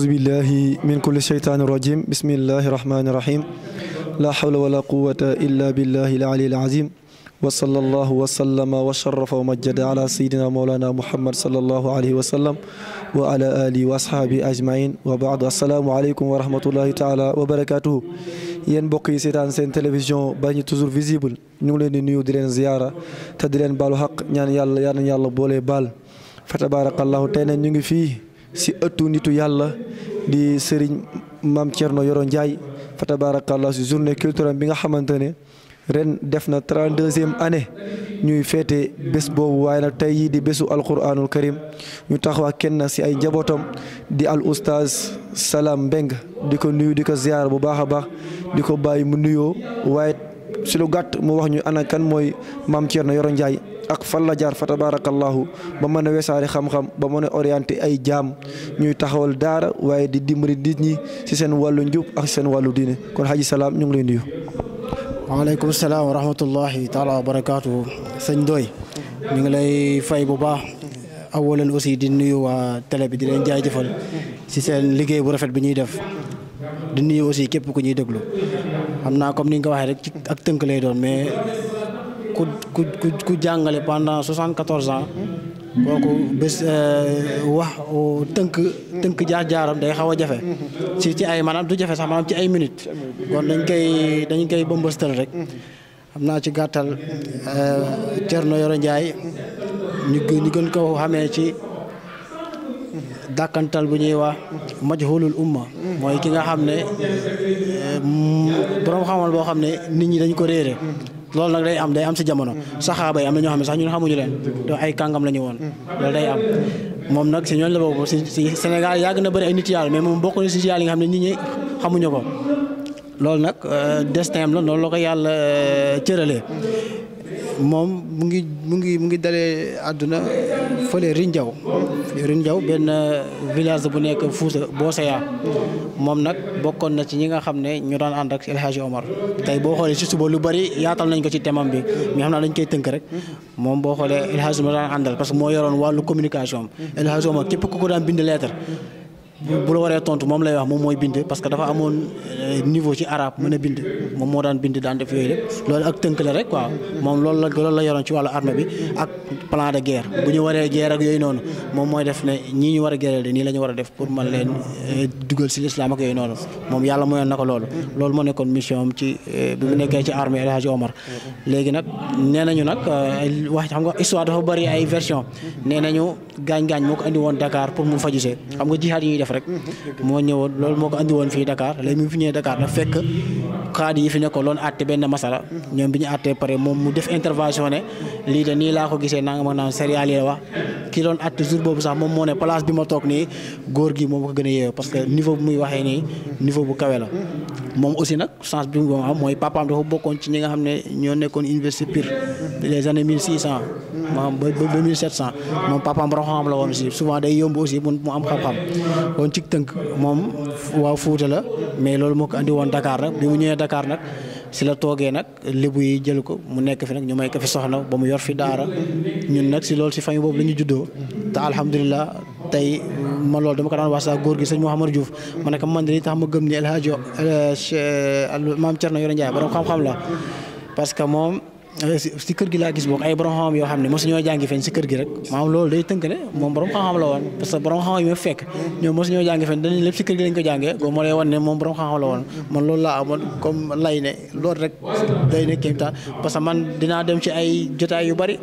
أعوذ بالله من كل شيطان رجيم بسم الله الرحمن الرحيم لا حول ولا قوة إلا بالله العلي العظيم وصلى الله وسلم وشرف ومجد على سيدنا مولانا محمد صلى الله عليه وسلم وعلى آله وأصحابه أجمعين وبعد السلام عليكم ورحمة الله تعالى وبركاته yéen mbokk yi seetaan seen télévision ba ñu toujours visible ñu ngi leen di nuyu di leen ziyaara te di leen baalu xaq ñaan yàlla yàlla boole baal fa tabarakallahu tey ñu ngi fii si ëttu nitu yàlla di sëriñ maam Thierno Yoro Ndiaye fa tabarakallah si journée culturelle bi nga xamante ne ren def na trente-deuxième année ñuy féete bés boobu waaye nag tey yii di bésu alquranul karim ñu taxawaa kenn si ay njabootam di al oustaz Salam Mbeng di ko nuyu di ko ziar bu baax a baax di ko bàyyi mu nuyoo waaye si lu gàtt mu wax ñu ana kan mooy maam Thierno Yoro Ndiaye ak fan la jaar fa tabaarakallaahu ba mën a wesaare xam-xam ba mën a orienté ay jaam ñuy taxawal daara waaye di dimbali nit ñi si seen wàllu njub ak seen wàllu diine kon xaji salaam ñu ngi lay nuyu. waaleykum salaam wa rahmatullahi taala wa barakaatu sëñ ñu ngi lay fay bu baax awalan aussi di nuyu waa télé bi di leen jaajëfal si seen liggéey bu rafet bi ñuy def di nuyu aussi képp ku ñuy déglu xam naa comme ni nga ko waxee rek ak tënk lay doon mais. ku ku jàngale pendant soixante quatorze ans kooku bés euh, wax tënk tënk jaar jaaram day xaw a jafe ci ci ay maanaam du jafe sax maanaam ci ay minutes kon dañ koy dañ koy bëmbëstal rek xam naa ci gàttal euh, Thierno Yoro Ndiaye ñu gën ko xamee ci dàkkantal bu ñuy wax majhulul umma mooy ki nga xam ne euh, borom xamal boo xam ne nit ñi dañ ko réere loolu nag day am day am si jamono mm-hmm. saxaaba yi am na ñoo xam ne sax ñun xamuñu leen te ay kàngam la ñu woon loolu am moom nag si ñooñu la boobu si si Sénégal yàgg na bëri ay nit yàlla mais moom bokk na si yàlla yi nga xam ne nit ñi xamuñu ko loolu nag euh, destin am la noo la ko yàlla euh, cëralee mm-hmm. moom mu ngi mu ngi mu ngi dalee àdduna fële Rindiaw Rindiaw benn euh, village bu nekk boo Boosaya moom nag bokkoon na ci ñi nga xam ne ñoo daan ànd ak El Hadji Omar boo xoolee ci suba lu bari yaatal nañ ko ci temam bi mais xam naa dañ koy tënk rek moom boo xoolee El Hadji Omar daan àndal parce moo yoroon wàllu communication El Hadji képp ku ko daan bind lettre bu la waree tontu moom lay wax moom mooy bind parce que dafa amoon euh, niveau ci arabe mën a bind moom moo daan bind daan def yooyu lépp loolu ak tënk la rek quoi moom loolu la loolu la yoroon ci wàllu armée bi ak plan de guerre bu ñu waree guerre ak yooyu noonu moom mooy def ne ñi ñu war a guerre de nii la ñu war a def pour man leen euh, dugal si l'islam ak yooyu noonu moom yàlla mayoon na ko loolu loolu moo nekkoon mission am ci euh, bi mu nekkee ci armée El léegi nag nee nañu nag wax xam nga histoire dafa bëri ay version nee nañu gaañ-gaañ moo ko indi woon Dakar pour mu fajusee xam def rek moo ñëwoon loolu moo ko andi woon fii Dakar léegi mu fi ñëwee Dakar na fekk kaadi yi fi nekkoon loon àtte benn masala ñoom bi ñu àttee pare moom mu def intervention ne lii de nii laa ko gisee nanga ma naan céréal yi la wax ki doon àtte jour boobu sax moom moo ne place bi ma toog nii góor gi moom ko gën a yeewoo parce que niveau bu muy waxee nii niveau bu kawe la moom aussi nag chance bi mu am mooy papaam dafa bokkoon ci ñi nga xam ne ñoo nekkoon université Pire les années mille six cent maanaam ba ba mille sept cent moom papaam borom la woon aussi souvent day yomb aussi mu am xam-xam kon ci tënk moom waa Fuuta la mais loolu moo ko andi woon Dakar nag bi mu ñëwee Dakar Dakar nag si la toogee nag lébu yi jël ko mu nekk fi nag ñu may ko fi soxna ba mu yor fi daara ñun nag si loolu si famille boobu la juddoo te alhamdulilah tey man loolu dama ko daan wax saa góor gi sëñ Mouhamadou Diouf ma ko man tax ma gëm ni El Maam Thierno Yoro Ndiaye borom xam-xam la parce que si kër gi laa gis boog ay borom xam-xam yoo xam ne mosu ñoo jàngi feeñ si kër gi rek maanaam loolu day tënk ne moom borom xam-xam la woon parce que borom xam-xam yi ma fekk ñoom mosu ñoo jàngi feeñ dañu lépp si kër gi lañ ko jàngee boobu moo lay wan ne moom borom xam-xam la woon man loolu laa amoon comme lay ne loolu rek day ne kéemtaan parce que man dinaa dem ci ay jotaay yu bari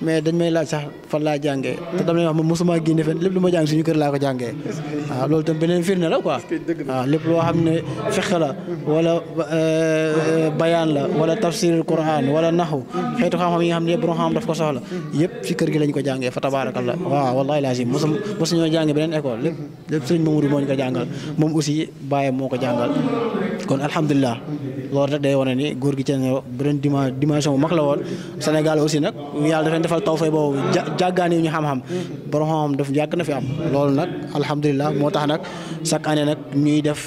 mais dañ may laaj sax fan laa jàngee te dama lay wax man mosuma génne fen lépp lu ma jàng suñu kër laa ko jàngee waaw loolu tam beneen firnde la quoi waaw lépp loo xam ne fiq la wala euh, bayaan la wala tafsirul quran wala naxu xeetu xam-xam yi nga xam ne yëpp borom xam daf ko soxla yëpp ci kër gi lañ ko jàngee fa la waaw wallahi lazim mosu mosuñoo jàngee beneen école lépp lépp sëriñ Mamadou moo ñu ko jàngal moom aussi bàyyam moo ko jàngal kon alhamdulilah loolu rek day wane ni góor gi ci ne beneen dimension bu mag la woon Sénégal aussi nag yàlla dafa defal tawfeex boobu ja jàggaani ñu xam-xam borom xam-xam daf yàgg na fi am loolu nag alhamdulilah moo tax nag chaque année nag ñuy def.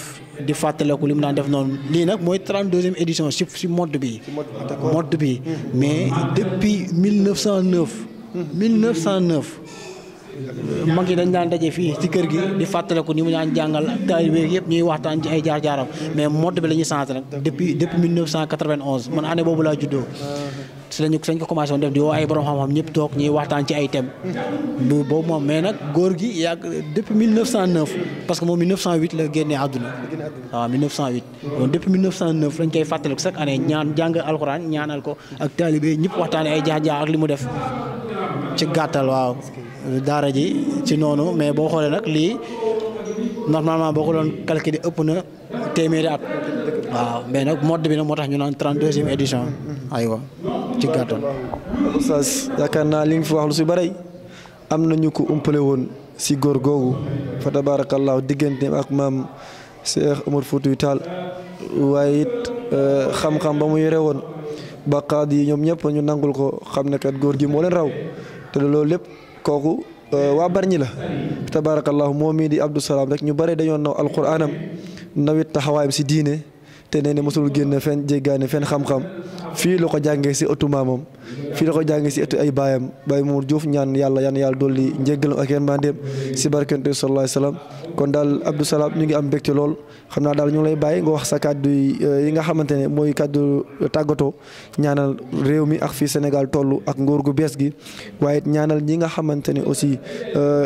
di fàttaliku li mu daan def noonu lii nag mooy 32e édition si si mode bi mode bi mais depuis 1909. 1909. mag yi dañ daan daje fii ci kër gi di fàttaliku ni mu daan jàngal taalibe yëpp ñuy waxtaan jaar-jaaram mais mode bi la ñuy changé nag depuis depuis 1991 man année boobu laa juddoo. si lañu sañ ko commencé woon def di woo ay borom xam-xam ñëpp toog ñuy waxtaan ci ay thèmes bu boobu moom mais lañ koy fàttaliku chaque année ñaan jàng alxuraan ñaanal ko ak taalibe ñëpp ay jaar-jaar ak li mu def ci gàttal waaw daara ji ci noonu mais boo xoolee nag lii normalement boo ko doon calculer ëpp na téeméeri at. waaw mais nag moo bi nag moo tax ñu naan trente deuxième ay aywa ci gàttal. oustaz yaakaar naa li nga fi wax lu si bëri am na ñu ko umpale woon si góor googu fa tabaarakallaahu digganteem ak maam Cheikh Omar Foutiyou Tall waaye it euh, xam-xam ba mu yore woon baqaad yi ñoom ñëpp ñu nangul ko xam ne kat góor gi moo leen raw te loolu lépp. kooku euh, waa barñi la tabarakallahu moom mii di Abdou Salam rek ñu bare dañoo naw alquraanam nawit taxawaayam si diine te nee na mosul génn fenn jéggaane fenn xam-xam fii la ko jàngee si ëttu maamam fii la ko jàngee si ëttu ay baayam Baye Mour Diouf ñaan yàlla yan yàlla dolli njéggalam ak yërmandeem si barkante sallallahu alayhi wasallam kon daal Abdou Salam ñu ngi am mbégte lool xam naa daal ñu ngi lay bàyyi nga wax sa kàddu eh, yi nga xamante ne mooy kàddu tàggatoo ñaanal réew mi ak fii Sénégal toll ak nguur gu bees gi waaye ñaanal ñi nga xamante aussi eh,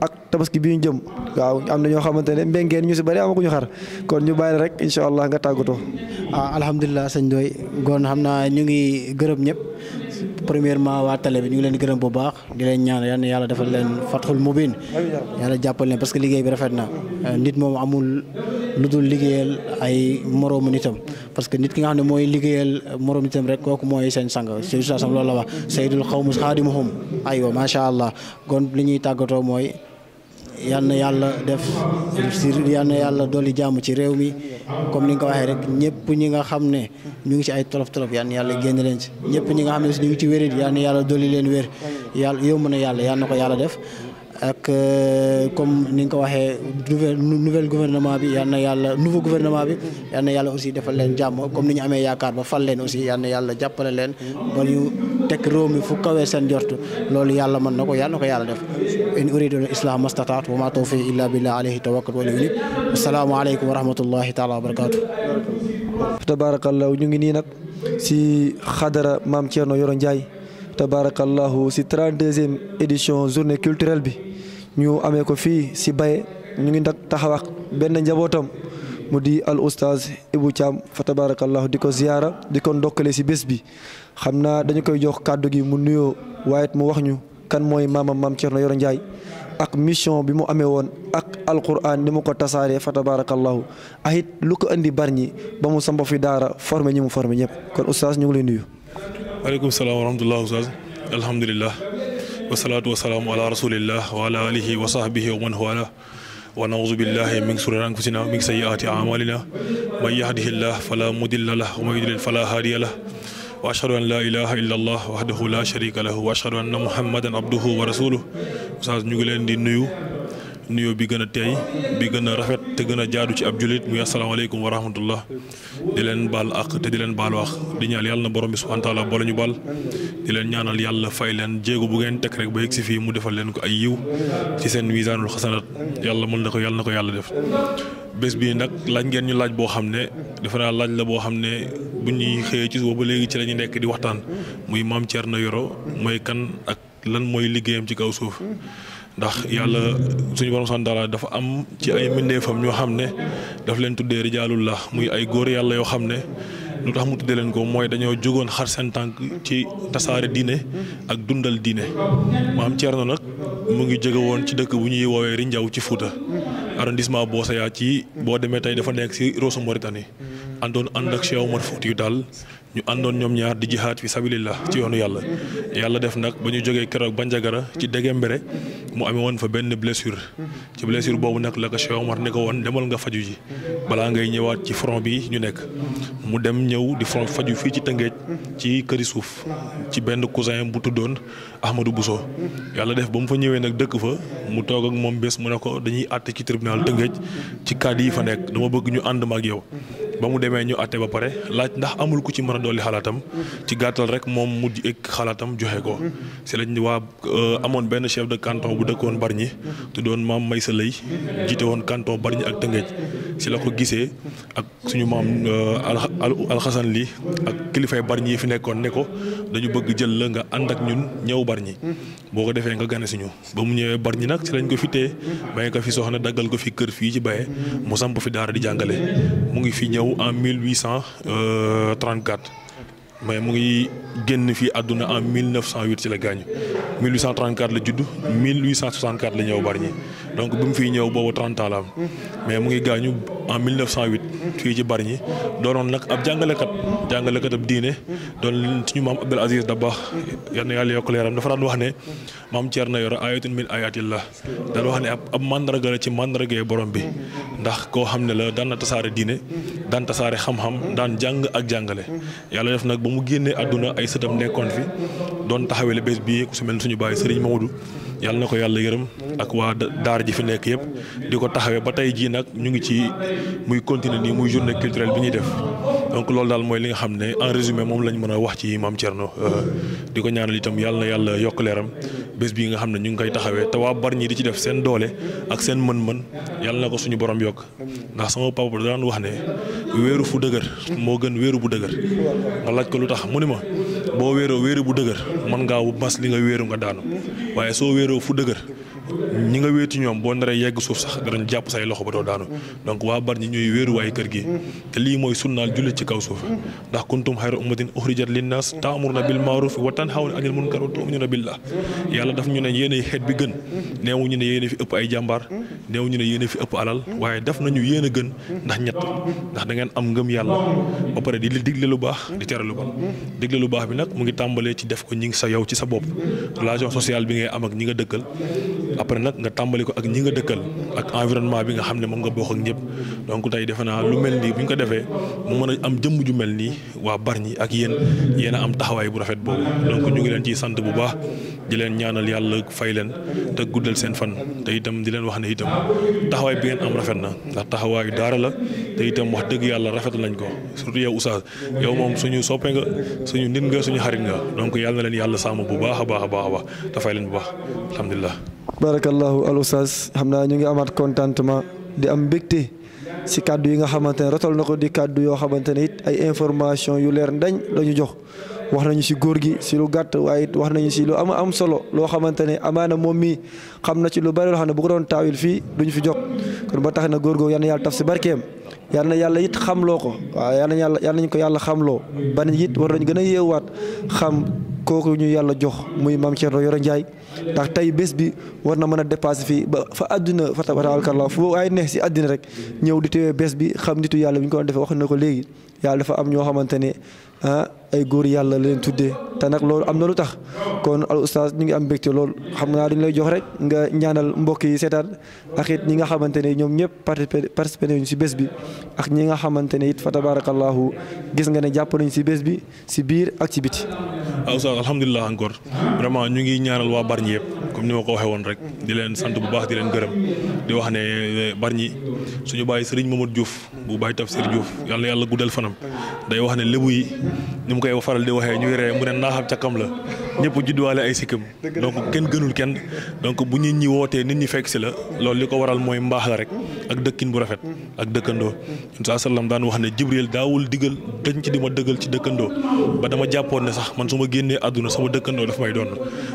ak tabaski bi ñu jëm waaw am na ñoo xamante ne mbéngeen ñu si bëri amaguñu xar kon ñu bàyyi rek incha allah nga tàggatoo. ah alhamdulilah sañ Ndoye kon xam naa ñu ngi gërëm ñëpp premièrement waa télé bi ñu ngi leen di gërëm bu baax di leen ñaan yal na yàlla defal leen mu mubin yàlla jàppal leen parce que liggéey bi rafet na euh, nit moom amul lu dul liggéeyal ay moroomu nitam parce que nit ki nga xam ne mooy liggéeyal moroomu nitam rek kooku mooy seen sang Seydou Sassam loolu la wax Seydul xawmus xaadimuhum aywa macha allah kon li ñuy tàggatoo mooy yal na yàlla def si yal na yàlla dolli jàmm ci réew mi comme ni nga ko waxee rek ñëpp ñi nga xam ne ñu ngi ci ay tolof tolof yal yàlla génn leen ci ñëpp ñi nga xam ne si ñu ngi ci wérit yal na yàlla dolli leen wér yàlla yomb na yàlla yal na ko yàlla def ak euh, comme ni nga ko waxee nouvel gouvernement bi yal na yàlla nouveau gouvernement bi yal na yàlla aussi defal leen jàmm comme ni ñu amee yaakaar ba fal leen aussi yal na yàlla jàppale leen ba ñu teg réew mi fu kawee seen jortu loolu yàlla mën na ko yal na ko yàlla def in uridu islam mastataat wa ma tawfiq illa billah alayhi tawakkal wala unib asalaamu aleykum wa rahmatullahi taala wa barakatu tabaarakallahu ñu ngi nii nag si xadara maam Thierno Yoro Ndiaye tabaarakallahu si 32e édition journée culturelle bi ñu amee ko fii si Baye ñu ngi nag taxaw ak benn njabootam mu di al oustaz Ibou Thiam fa tabarakallahu di ko ziyaara di ko ndokkale si bés bi xam naa dañu koy jox gi mu nuyoo waaye mu wax ñu kan mooy maamam maam Thierno Yoro ak mission bi mu amee ak al ni mu ko tasaaree fa tabarakallahu ak ah, lu ko indi barñi ba mu sambo fi daara formé ñi mu formé kon oustaz ñu ngi lay nuyu. waaleykum salaam wa rahmatullah oustaz alhamdulillah والصلاة والسلام على رسول الله وعلى آله وصحبه ومن والاه ونعوذ بالله من شرور أنفسنا ومن سيئات أعمالنا من يهده الله فلا مضل له ومن يضلل فلا هادي له وأشهد أن لا إله إلا الله وحده لا شريك له وأشهد أن محمدا عبده ورسوله أستاذ ñu ngi leen nuyoo bi gën a teey bi gën a rafet te gën a jaadu ci ab jullit muy asalaamaaleykum wa rahmatullah di leen baal àq te di leen baal wax di ñaan yàlla na borom bi subhaana taala boole ñu baal di leen ñaanal yàlla fay leen jéego bu ngeen teg rek ba yegg si fii mu defal leen ko ay yiw ci seen misaanul xasanat yàlla mën na ko yàlla na ko yàlla def bés bii nag laaj ngeen ñu laaj boo xam ne defe naa laaj la boo xam ne bu ñuy xëyee ci suba ba léegi ci lañuy nekk di waxtaan muy maam Thierno Yoro mooy kan ak lan mooy liggéeyam ci kaw suuf ndax yàlla suñu borom sant daala dafa am ci ay mbindeefam ñoo xam ne daf leen tuddee rijaalullah muy ay góor yàlla yoo xam ne lu tax mu tuddee leen ko mooy dañoo jógoon xar seen tànk ci tasaare diine ak dundal diine maam Thierno nag mu ngi jóge woon ci dëkk bu ñuy woowee Rindiaw ci Fouta arrondissement Boosaya ci boo demee tey dafa nekk si Rosso Mauritanie àndoon ànd ak Cheikh Omar Foutiyou daal ñu àndoon ñoom ñaar di jihaad fi la ci yoonu yàlla yàlla def nag ba ñu jógee keroog Bandiagara ci Degembere mu amee woon fa benn blessure ci blessure boobu nag la ko Cheikh ne ko woon demal nga faju ji balaa ngay ñëwaat ci front bi ñu nekk mu dem ñëw di front faju fii ci Tëngéej ci këri suuf ci benn cousin bu tuddoon Ahmadou buso yàlla def ba mu fa ñëwee nag dëkk fa mu toog ak moom bés mu ne ko dañuy àtte ci tribunal Tëngéej ci cadre yi fa nekk dama bëgg ñu ànd ak yow ba mu demee ñu àtte ba pare laaj ndax amul ku ci mën a dolli ci gàttal rek mom mu di ëgg xalaatam ko si lañ waa euh, amoon benn chef de canton bu dëkkoon Bargny te doon maam Maysa Lay jiite woon canton ak Tëngéej si la ko gisee ak suñu maam euh, alxasan li ak kilifay Bargny yi fi nekkoon ne ko dañu bëgg jël la nga ànd ak ñun ñëw ñi boo ko defee nga gane suñu ba mu ñëwee ñi nag si lañ ko fi tee may ko fi soxna daggal ko fi kër fii ci Baye mu samp fi daara di jàngale mu ngi fi ñëw en 1834 euh, mais mu ngi génn fii àdduna en 1908 ci la gaañu 1834 la judd 1864 la ñëw ñi donc bi mu fi ñëw boobu 30 ans la mais mu ngi gaañu en 1908 fii ci ñi doonoon nag ab jàngalekat jàngalekat ab diine doon suñu maam Abdul Aziz Dabakh yal na yàlla yokk leeram dafa daan wax ne maam na Yoro ayatun min la daan wax ne ab ab mandarga la ci mandargay borom bi ndax koo xam ne la daan na tasaare diine daan tasaare xam-xam daan jàng ak jàngale yàlla def nag ba mu génnee àdduna ay sëtam nekkoon fi doon taxawele bés bii ku su mel suñu bàyyi Serigne Mamadou yàlla na ko yàlla yërëm ak waa daar ji fi nekk yëpp di ko taxawee ba tey jii nag ñu ngi ci muy continuer nii muy journée culturelle bi ñuy def donc loolu daal mooy li nga xam ne en résumé moom lañ mën a wax ci maam Thierno euh, di ko ñaanal itam yàlla yàlla yokk leeram bés bii nga xam ne ñu ngi koy taxawee te waa Bargny di ci def seen doole ak seen mën-mën yàlla na ko suñu borom yokk ndax sama papa daan wax ne wéeru fu dëgër moo gën wéeru bu dëgër nga laaj ko lu tax mu ni ma boo wéeroo wéeru bu dëgër mën ngaa mas li nga wéeru nga daanu waaye soo wéeroo fu dëgër ñi nga wéetu ñoom boo naree yegg suuf sax darañ jàpp say loxo ba doo daanu donc waa bar ñi ñooy wéeru waay kër gi te lii mooy ci kaw suuf ndax kuntum xayra ummatin uxrijat linnas taamuruna bil maaruf wa hau anil munkar wa tuminuna billah yàlla daf ñu ne yéen xeet bi gën neewu ñu ne yéen fi ëpp ay jàmbaar ñu ne yéen fi ëpp alal waaye daf nañu yene a gën ndax ñett ndax da ngeen am ngëm yàlla ba di digle lu baax di tere lu digle lu baax bi nag mu ngi tàmbalee ci def ko ñi ngi sa yow ci sa relation sociale bi ngay am ak ñi nga dëkkal après nag nga tàmbali ko ak ñi nga dëkkal ak environnement bi nga xam ne nga bokk ak ñëpp donc tey defe lu mel nii ko defee mu mën am jëmm ju mel wa waa Bargny ak yéen yéen am tahawai bu rafet boobu donc ñu ngi leen ciy sant bu baax di leen ñaanal yàlla fay leen te guddal seen fan te itam di leen wax ne itam taxawaay bi ngeen am rafet na ndax taxawaayu daara la te itam wax dëgg yàlla rafet nañ ko surtout yow Oustaz yow moom suñu soppe nga suñu nit nga suñu xarit nga donc yàlla na leen yàlla sàmm bu baax a baax a fay leen bu baax barakallahu al oustaz xam naa ñu ngi amaat contentement di am mbégte si kàddu yi nga xamante ne rotal na ko di kàddu yoo xamante ne it ay information yu leer ndañ lañu jox wax nañu si góor gi si lu gàtt waaye it wax nañu si lu am am solo loo xamante ne amaana moom mii xam na ci lu bari loo xam ne bu ko doon taawil fii duñ fi jox kon ba tax na góor googu na yàlla taf si barkeem yal na yàlla it xam loo ko waaw yal yàlla yal nañ ko yàlla xamloo ban it war nañ gën a yeewaat xam kooku ñu yàlla jox muy maam Thierno Yoro Ndiaye ndax tey bés bi war na mën a dépasser fii ba fa àdduna fa tabarakallah fu ay neex si àddina rek ñëw di teewee bés bi xam nitu yàlla bi ñu ko doon defee wax na ko léegi dafa am ñoo xamante ne ah ay góor yàlla leen tuddee te nag loolu am na kon al oustaz ñu ngi am mbégte loolu xam naa dañu lay jox rek nga ñaanal mbokk yi seetaan ak it ñi nga xamante ne ñoom ñëpp participé nañu si bi ak ñi nga xamante it fa tabarakallahu gis nga ne jàpp nañu si bés bi si biir ak ci biti waaw Oustaz alhamdulilah encore vraiment ñu ngi ñaanal waa Bargny yëpp comme ni ma ko waxee woon rek di leen sant bu baax di leen gërëm di wax ne Bargny suñu bàyyi Serigne Mamadou Diouf bu bàyyi Tafsir Diouf yàlla yàlla guddal fanam day wax ne lébu yi ni mu koy faral di waxee ñuy ree mu ne naaxam ca kam la ñëpp judduwaale ay sikkam donc kenn gënul kenn donc bu nit ñi wootee nit ñi fekk si la loolu li ko waral mooy mbaax la rek ak dëkkin bu rafet ak dëkkandoo ñun saa sallam daan wax ne jibril daawul digal dañ ci di ma dëggal ci dëkkandoo ba dama jàppoon ne sax man su ma génnee àdduna sama dëkkandoo daf may doon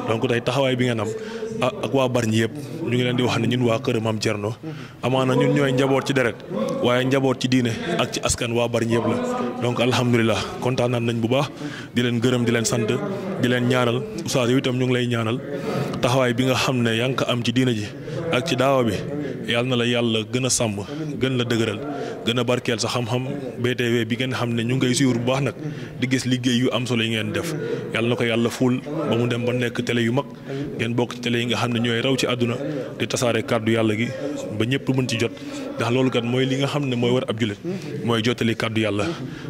donc tey taxawaay bi nga am ak waa Bargny yëpp ñu ngi leen di wax ne ñun waa kër Maam Thierno amaana ñun ñooy njaboot ci deret waaye njaboot ci diine ak ci askan waa Bargny yëpp la donc alhamdulilah kontaan nañ bu baax di leen gërëm di leen sant di leen ñaanal oustaz yow itam ñu ngi lay ñaanal taxawaay bi nga xam ne yaa ngi ko am ci diine ji ak ci daawa bi yàlla na la yàlla gën a sàmm gën la dëgëral gën a barkeel sa xam-xam BTV bi ngeen xam ne ñu ngay suivre bu baax nag di gis liggéey yu am solo yi ngeen def yal na ko yàlla fuul ba mu dem ba nekk tele yu mag ngeen bokk ci télé yi nga xam ne ñooy raw ci àdduna di tasaare kàddu yàlla gi ba ñëpp mën ci jot ndax loolu kat mooy li nga xam ne mooy war ab jule mooy jottali kàddu yàlla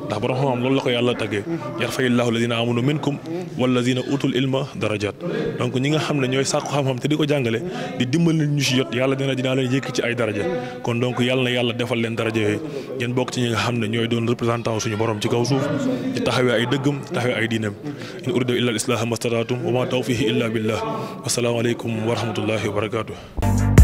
ndax borom xam am loolu la ko yàlla tàggee yarfa'illaahu lazina amanu minkum wallazina utul ilma darajat donc ñi nga xam ne ñooy sàkku xam-xam te di ko jàngale di dimbali ñu ci jot yàlla dina dinaa leen yëkk ci ay daraja kon donc yàlla yàlla defal leen daraja yooyu ngeen bokk ci ñi nga xam ne ñooy doon représentant suñu borom ci kaw suuf taxawee ay dëggam taxawee ay diinam in uridu illa al islaha mastataatum wa ma tawfihi illa billah wasalaamaaleykum wa rahmatullahi wa barakatuh